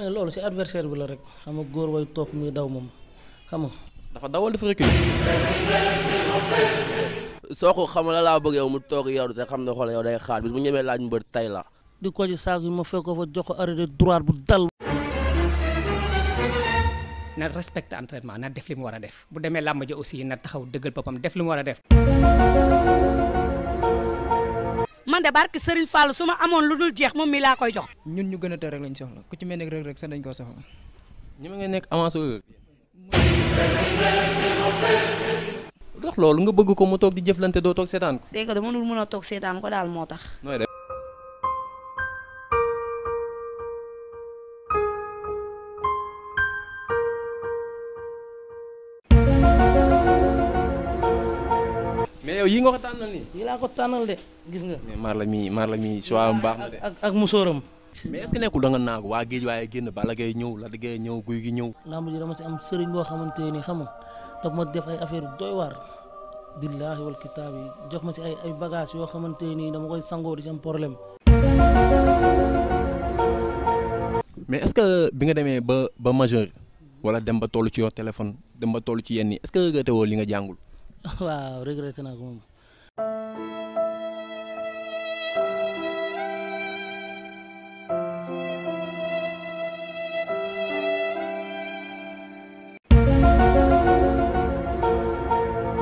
mais loolu si adversaire bi la rek xam góor way toog muy daw moom xam nga. dafa dawal dafa recul. soo ko xam la laa bëgg yow mu toog yow te xam ne xool yow day xaar bis bu ñemee laaj mbër tay la. di ko ci saako yi ma fekk ko fa jox ko arrêté droit bu dal. na respecte entraînement na def li mu war a def bu demee làmb ja aussi na taxaw dëggal boppam def li mu war a def. man de barke Serigne Fall su ma amoon lu dul jeex moom mi laa koy jox. ñun ñu gën a tër rek lañ soxla ku ci mel ne rek rek sax dañ koo soxla. ñi ma ngeen nekk avance rek. dox loolu nga bëgg ko mu toog di jëflante doo toog seetaan ko. c'est que mën a toog seetaan ko daal moo tax. yow yi nga ko tànnal nii. yi laa ko tànnal de gis nga. mais maar la mii maar la mi choix am baax na de. ak ak musóoram. mais est ce waa géej waaye génn Balla Gaye ñëw Lac de Guiers ñëw ñëw. lamb ji dama ci am sëriñ boo xamante ni xam nga daf ma def affaire doy waar. billaahi wal jox ma ci ay ay bagages yoo xamante ni dama koy sangoo di ci am problème. mais est ce que bi nga demee ba ba majeur. wala dem ba toll ci yor téléphone dem ba toll ci yenn yi est ce que gëtewoo li nga jàngul. waaw regretté na ko moom